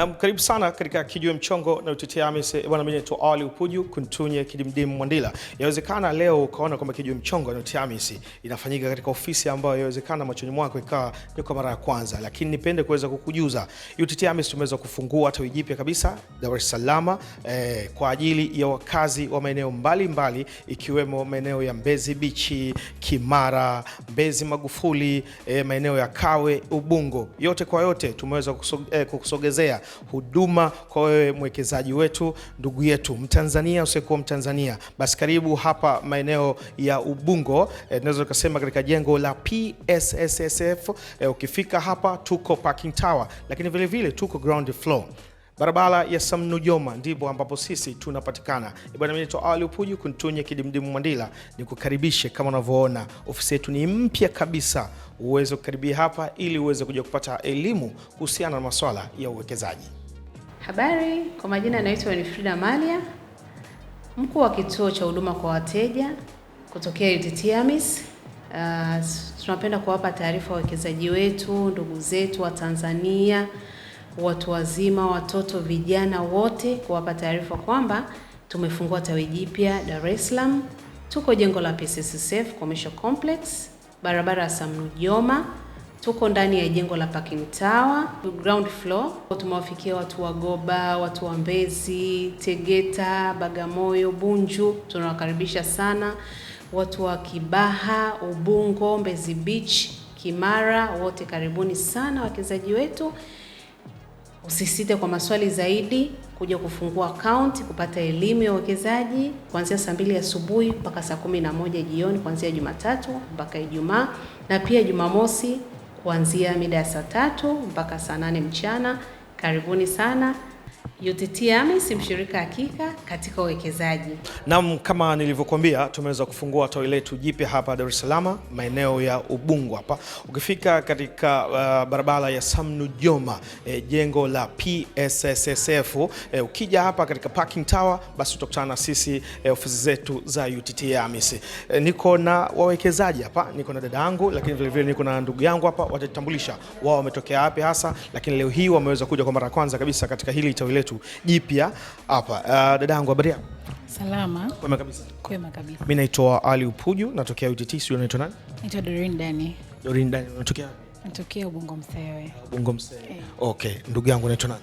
Na karibu sana katika Kijiwe Mchongo na utetea AMIS. Bwana, mimi tu Awali Upuju Kuntunye Kidimdimu Mwandila. Yawezekana leo ukaona kwamba Kijiwe Mchongo na utetea AMIS inafanyika katika ofisi ambayo yawezekana machoni mwako ikawa ni kwa mara ya kwanza, lakini nipende kuweza kukujuza utetea AMIS tumeweza kufungua tawi jipya kabisa Dar es Salaam eh, kwa ajili ya wakazi wa maeneo mbalimbali ikiwemo maeneo ya Mbezi Beach, Kimara, Mbezi Magufuli, eh, maeneo ya Kawe, Ubungo. Yote kwa yote tumeweza eh, kukusogezea huduma kwa wewe mwekezaji wetu, ndugu yetu Mtanzania, usiyekuwa Mtanzania, basi karibu hapa maeneo ya Ubungo, eh, tunaweza tukasema katika jengo la PSSSF. Eh, ukifika hapa tuko parking tower, lakini vilevile vile tuko ground floor barabara ya Samnujoma ndipo ambapo sisi tunapatikana. E bwana, mimi naitwa Ali Upuju kuntunye kidimdimu Mwandila, nikukaribishe. Kama unavyoona ofisi yetu ni mpya kabisa, uweze kukaribia hapa ili uweze kuja kupata elimu kuhusiana na masuala ya uwekezaji. Habari, kwa majina naitwa Frida Malia, mkuu wa kituo cha huduma kwa wateja kutokea UTT AMIS. Uh, tunapenda kuwapa taarifa wawekezaji wetu, ndugu zetu wa Tanzania watu wazima, watoto, vijana wote, kuwapa taarifa kwamba tumefungua tawi jipya Dar es Salaam. Tuko jengo la PCCCF e Commercial Complex, barabara ya Samjoma. Tuko ndani ya jengo la Parking Tower ground floor. Tumewafikia watu wa Goba, watu wa Mbezi, Tegeta, Bagamoyo, Bunju, tunawakaribisha sana. Watu wa Kibaha, Ubungo, Mbezi Beach, Kimara, wote karibuni sana wawekezaji wetu. Usisite kwa maswali zaidi kuja kufungua akaunti kupata elimu ya uwekezaji kuanzia saa mbili asubuhi mpaka saa kumi na moja jioni kuanzia Jumatatu mpaka Ijumaa na pia Jumamosi kuanzia mida ya saa tatu mpaka saa nane mchana. Karibuni sana. UTT AMIS mshirika hakika katika uwekezaji. Naam, kama nilivyokuambia, tumeweza kufungua tawi letu jipya hapa Dar es Salaam, maeneo ya Ubungo hapa. Ukifika katika uh, barabara ya Samnu Joma eh, jengo la PSSSF eh, ukija hapa katika parking tower, basi utakutana na sisi eh, ofisi zetu za UTT AMIS. Eh, niko na wawekezaji hapa, niko na dada yangu, lakini vilevile niko na ndugu yangu hapa, watatambulisha wao wametokea wapi hasa, lakini leo hii wameweza kuja kwa mara ya kwanza kabisa katika hili tawi letu letu jipya hapa. Uh, ah, dada yangu habari yako? Salama. Kwema kabisa. Kwema kabisa. Mimi naitwa Ali Upuju, natokea UTT. Sio, unaitwa nani? Naitwa Dorin Dani. Dorin Dani, unatokea Natokea Ubungo Msewe. Ubungo Msewe. Eh. Okay, ndugu yangu unaitwa nani?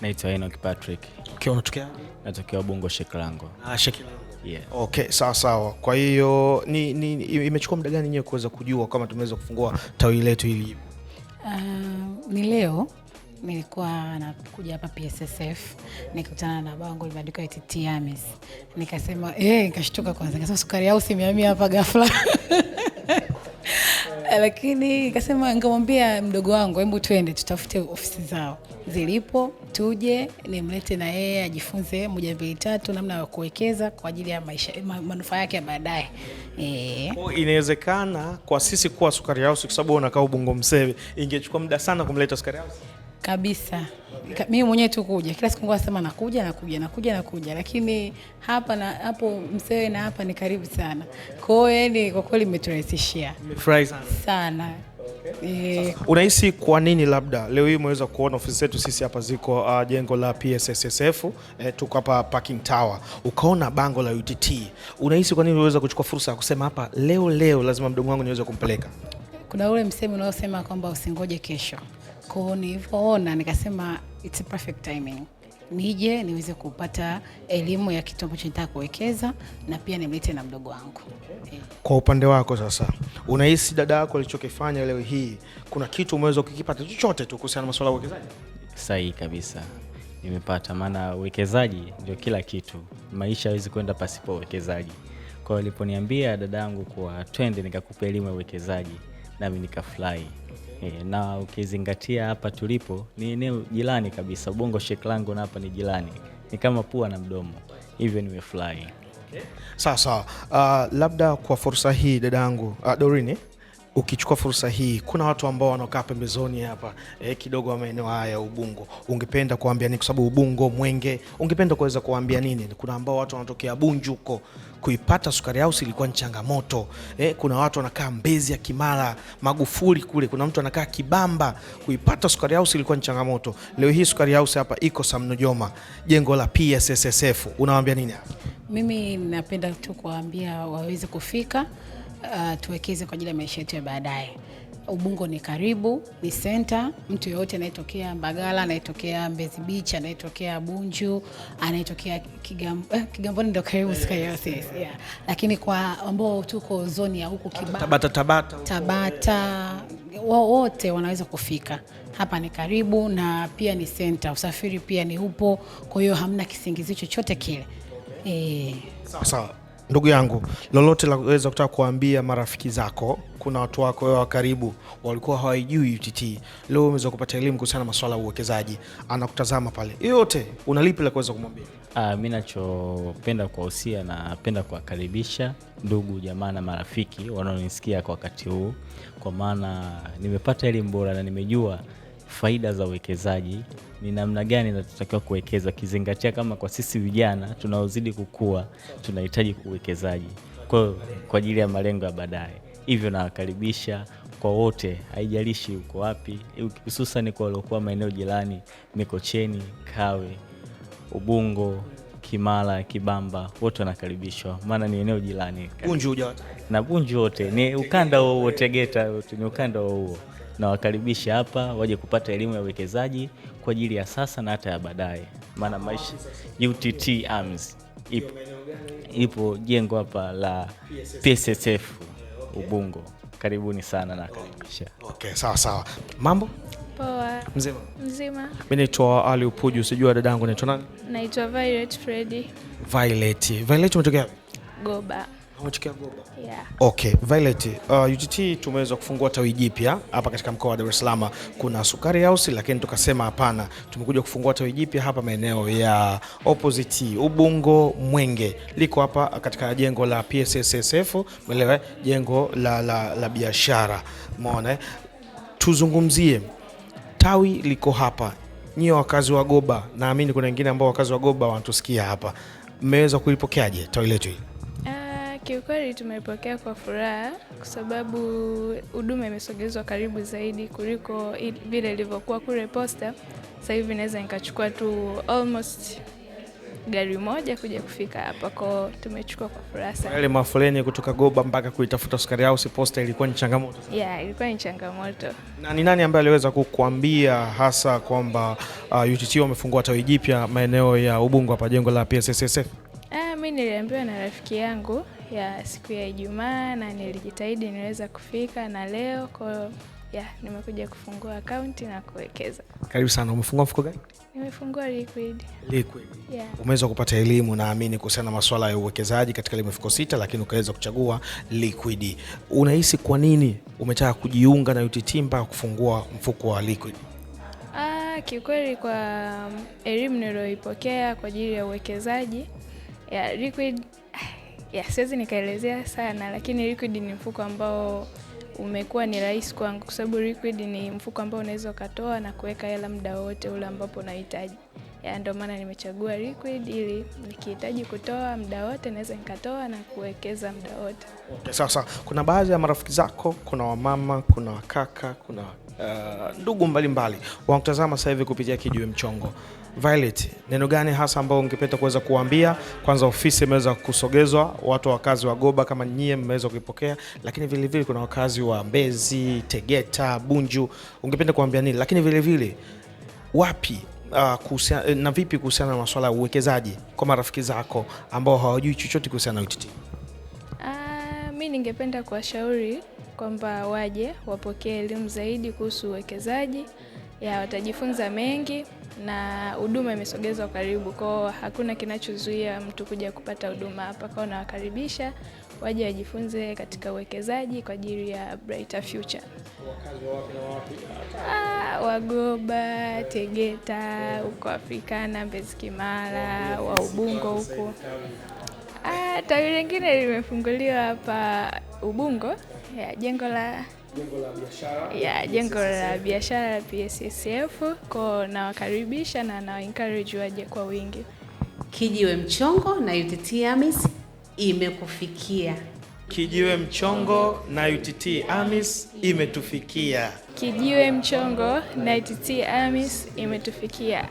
Naitwa Enoch Patrick. Okay, unatokea? Natokea Ubungo Shekilango. Ah, Shekilango. Yeah. Okay, sawa sawa. Kwa hiyo ni, ni imechukua muda gani nyewe kuweza kujua kama tumeweza kufungua tawi letu hili? Uh, ni leo nilikuwa nakuja hapa PSSF nikutana na bango limeandikwa eti Tiamis, nikasema eh, nikashtuka kwanza, nikasema sukari au simiamia hapa ghafla lakini nikasema, nikamwambia mdogo wangu, hebu twende tutafute ofisi zao zilipo, tuje nimlete na yeye ajifunze moja mbili tatu, namna ya kuwekeza kwa ajili ya maisha manufaa yake ya baadaye. E, inawezekana kwa sisi kuwa Sukari House, kwa sababu unakaa Ubungo Mseve, ingechukua muda sana kumleta Sukari House kabisa. Mimi mwenyewe tu kuja kila siku nasema nakuja nakuja nakuja nakuja, lakini hapa na hapo Msewe na hapa ni karibu sana. Kwa hiyo yani kwa kweli umeturahisishia sana. Yeah. Unahisi kwa nini labda leo hii umeweza kuona ofisi zetu sisi hapa ziko uh, jengo la PSSSF eh, tuko hapa parking tower, ukaona bango la UTT, unahisi kwa nini uliweza kuchukua fursa ya kusema hapa leo leo lazima mdogo wangu niweze kumpeleka? Kuna ule msemo unaosema kwamba usingoje kesho Kwao nilivyoona nikasema it's a perfect timing nije niweze kupata elimu ya kitu ambacho nitaka kuwekeza na pia nimlete na mdogo wangu. Eh. Kwa upande wako sasa, unahisi dada yako alichokifanya leo hii, kuna kitu umeweza kukipata chochote tu kuhusiana na masuala ya uwekezaji? Sahihi kabisa, nimepata. Maana uwekezaji ndio kila kitu, maisha hawezi kwenda pasipo uwekezaji. Kwa hiyo aliponiambia dada yangu kuwa twende nikakupa elimu ya uwekezaji, nami nikafurahi. E, na ukizingatia hapa tulipo ni eneo jirani kabisa, bongo shek langu na hapa ni jirani, ni kama pua na mdomo, hivyo nimefurahi. Sawa sawa. Uh, labda kwa fursa hii dada yangu uh, Dorine ukichukua fursa hii, kuna watu ambao wanaokaa pembezoni hapa eh, kidogo maeneo haya ya Ubungo, ungependa kuambia nini? Kwa sababu Ubungo, Mwenge, ungependa kuweza kuambia nini? Kuna ambao watu wanatokea Bunju huko, kuipata Sukari House ilikuwa ni changamoto eh, kuna watu wanakaa Mbezi ya Kimara, Magufuli kule, kuna mtu anakaa Kibamba, kuipata Sukari House ilikuwa ni changamoto. Leo hii Sukari House hapa iko samnojoma jengo la PSSSF, unawaambia nini hapa? Mimi napenda tu kuwaambia waweze kufika uh, tuwekeze kwa ajili ya maisha yetu ya baadaye. Ubungo ni karibu, ni senta. Mtu yeyote anayetokea Mbagala, anayetokea Mbezi Beach, anayetokea Bunju, anayetokea eh, Kigamboni ndo karibu yes, yes, yes, yeah. Lakini kwa ambao tuko zoni ya huku Tabata, Tabata, Tabata wote wanaweza kufika hapa, ni karibu na pia ni senta, usafiri pia ni upo, kwa hiyo hamna kisingizio chochote kile, okay. Eh. E, Ndugu yangu, lolote la kuweza kutaka kuambia marafiki zako, kuna watu wako wa karibu walikuwa hawajui UTT, leo umeweza kupata elimu kuhusiana na masuala ya uwekezaji, anakutazama pale, yoyote una lipi la kuweza kumwambia? Ah, mimi nachopenda kuwahusia, napenda kuwakaribisha ndugu jamaa na marafiki wanaonisikia kwa wakati huu, kwa maana nimepata elimu bora na nimejua faida za uwekezaji ni namna gani natakiwa kuwekeza, ukizingatia kama kwa sisi vijana tunaozidi kukua tunahitaji uwekezaji kwa kwa ajili ya malengo ya baadaye. Hivyo nawakaribisha kwa wote, haijalishi uko wapi, hususani kwa waliokuwa maeneo jirani Mikocheni, Kawe, Ubungo, Kimara, Kibamba, wote wanakaribishwa, maana ni eneo jirani na Bunju wote, ni ukanda huo huo, Tegeta ni ukanda huo huo nawakaribisha hapa waje kupata elimu ya uwekezaji kwa ajili ya sasa na hata ya baadaye, maana maisha UTT AMIS ipo, ipo jengo hapa la PSSF Ubungo. Karibuni sana na karibisha. Okay, sawa sawa. Mambo poa? Mzima mzima. Mimi naitwa Ali Upuju, sijua dadangu naitwa nani? Naitwa Violet Freddy. Violet, Violet umetokea Goba? Yeah. Okay, Violet, uh, UTT tumeweza kufungua tawi jipya hapa katika mkoa wa Dar es Salaam. Kuna Sukari House lakini tukasema hapana, tumekuja kufungua tawi jipya hapa maeneo ya opposite Ubungo Mwenge, liko hapa katika jengo la PSSSF, umeelewa, jengo la, la, la biashara. Umeona, tuzungumzie tawi liko hapa, nyie wakazi wa Goba, naamini kuna wengine ambao wakazi wa Goba wanatusikia hapa, mmeweza kulipokeaje tawi letu hili? Kiukweli tumepokea kwa furaha kwa sababu huduma imesogezwa karibu zaidi kuliko vile ilivyokuwa kule Posta. Sasa hivi naweza nikachukua tu almost gari moja kuja kufika hapa kwao, tumechukua kwa furaha sana. mafuleni kutoka Goba mpaka kuitafuta Sukari au Posta ilikuwa ni changamoto ya Yeah, ilikuwa ni changamoto. Na ni nani ambaye aliweza kukuambia hasa kwamba uh, UTT wamefungua tawi jipya maeneo ya ubungu hapa jengo la PSSSF? Ah, mimi niliambiwa na rafiki yangu ya siku ya Ijumaa na nilijitahidi niweza kufika na leo kwa ya nimekuja kufungua akaunti na kuwekeza. Karibu sana. Umefungua mfuko gani? Nimefungua Liquid. Liquid. Yeah. Umeweza kupata elimu naamini kuhusiana na masuala ya uwekezaji katika ile mifuko sita, lakini ukaweza kuchagua Liquid. Unahisi kwa nini umetaka kujiunga na UTT mpaka kufungua mfuko wa Liquid? Ah, kiukweli kwa mm, elimu niliyoipokea kwa ajili ya uwekezaji ya Liquid ya siwezi nikaelezea sana, lakini liquid ni mfuko ambao umekuwa ni rahisi kwangu kwa sababu liquid ni mfuko ambao unaweza ukatoa na kuweka hela muda wote ule ambapo unahitaji ya ndio maana nimechagua liquid ili nikihitaji kutoa muda wote naweza nikatoa na kuwekeza muda wote. Okay, sawa kuna baadhi ya marafiki zako, kuna wamama, kuna wakaka, kuna uh, ndugu mbalimbali wanakutazama sasa hivi kupitia Kijiwe Mchongo. Violet, neno gani hasa ambao ungependa kuweza kuambia? Kwanza ofisi imeweza kusogezwa, watu wa wakazi wa Goba kama nyie mmeweza kuipokea, lakini vile vile kuna wakazi wa Mbezi, Tegeta, Bunju, ungependa kuambia nini? Lakini vile vile wapi uh, eh, na vipi kuhusiana na masuala ya uwekezaji kwa marafiki zako ambao hawajui chochote kuhusiana na UTT? Uh, ah, mi ningependa kuwashauri kwamba waje wapokee elimu zaidi kuhusu uwekezaji ya watajifunza mengi na huduma imesogezwa karibu kwao, hakuna kinachozuia mtu kuja kupata huduma hapa kwao, nawakaribisha waje wajifunze katika uwekezaji kwa ajili ya brighter future. Ah, Wagoba, Tegeta, huko Afrikana, Mbezi Kimara, wa Ubungo huko. Ah, tawi lingine limefunguliwa hapa Ubungo, ya jengo la jengo la biashara la PSSF ko nawakaribisha na nawa encourage waje kwa wingi. Kijiwe Mchongo na UTT AMIS imekufikia. Kijiwe Mchongo na UTT AMIS imetufikia. Kijiwe Mchongo na UTT AMIS imetufikia.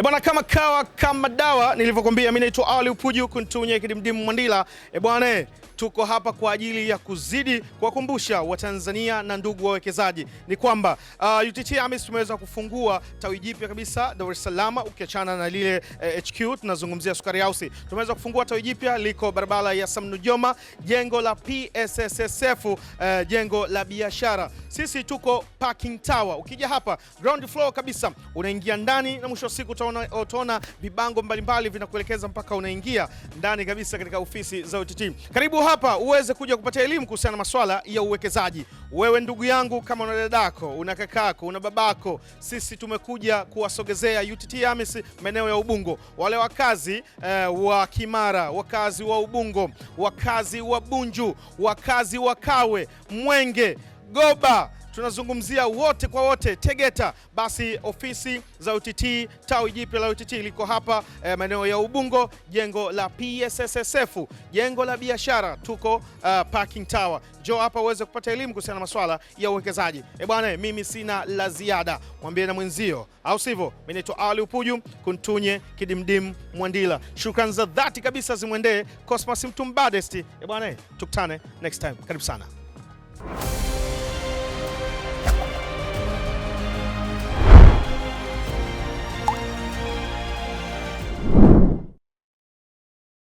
E bwana, kama kawa kama dawa nilivyokuambia, mimi naitwa Ali Upuju kuntunye kidimdimu Mwandila. E bwana, tuko hapa kwa ajili ya kuzidi kuwakumbusha Watanzania na ndugu wawekezaji ni kwamba uh, UTT AMIS tumeweza kufungua tawi jipya kabisa Dar es Salaam, ukiachana na lile eh, HQ tunazungumzia Sukari House. Tumeweza kufungua tawi jipya liko barabara ya Sam Nujoma, jengo la PSSSF, uh, eh, jengo la biashara. Sisi tuko parking tower, ukija hapa ground floor kabisa, unaingia ndani na mwisho wa siku utaona vibango mbalimbali vinakuelekeza mpaka unaingia ndani kabisa katika ofisi za OTT. Karibu hapa uweze kuja kupata elimu kuhusiana na masuala ya uwekezaji. Wewe ndugu yangu, kama una dadako, una kakako, una babako, sisi tumekuja kuwasogezea UTT AMIS maeneo ya Ubungo, wale wakazi eh, wa Kimara, wakazi wa Ubungo, wakazi wa Bunju, wakazi wa Kawe, Mwenge, Goba tunazungumzia wote kwa wote Tegeta. Basi ofisi za UTT tawi jipya la UTT liko hapa eh, maeneo ya Ubungo, jengo la PSSSF, jengo la biashara, tuko uh, parking tower. Jo hapa uweze kupata elimu kuhusiana na masuala ya uwekezaji. E bwana, mimi sina la ziada, mwambie na mwenzio, au sivyo? Mimi naitwa Ali Upuju kuntunye kidimdim Mwandila. Shukrani za dhati kabisa zimwendee Cosmas Mtumbadesti. E bwana, tukutane next time, karibu sana.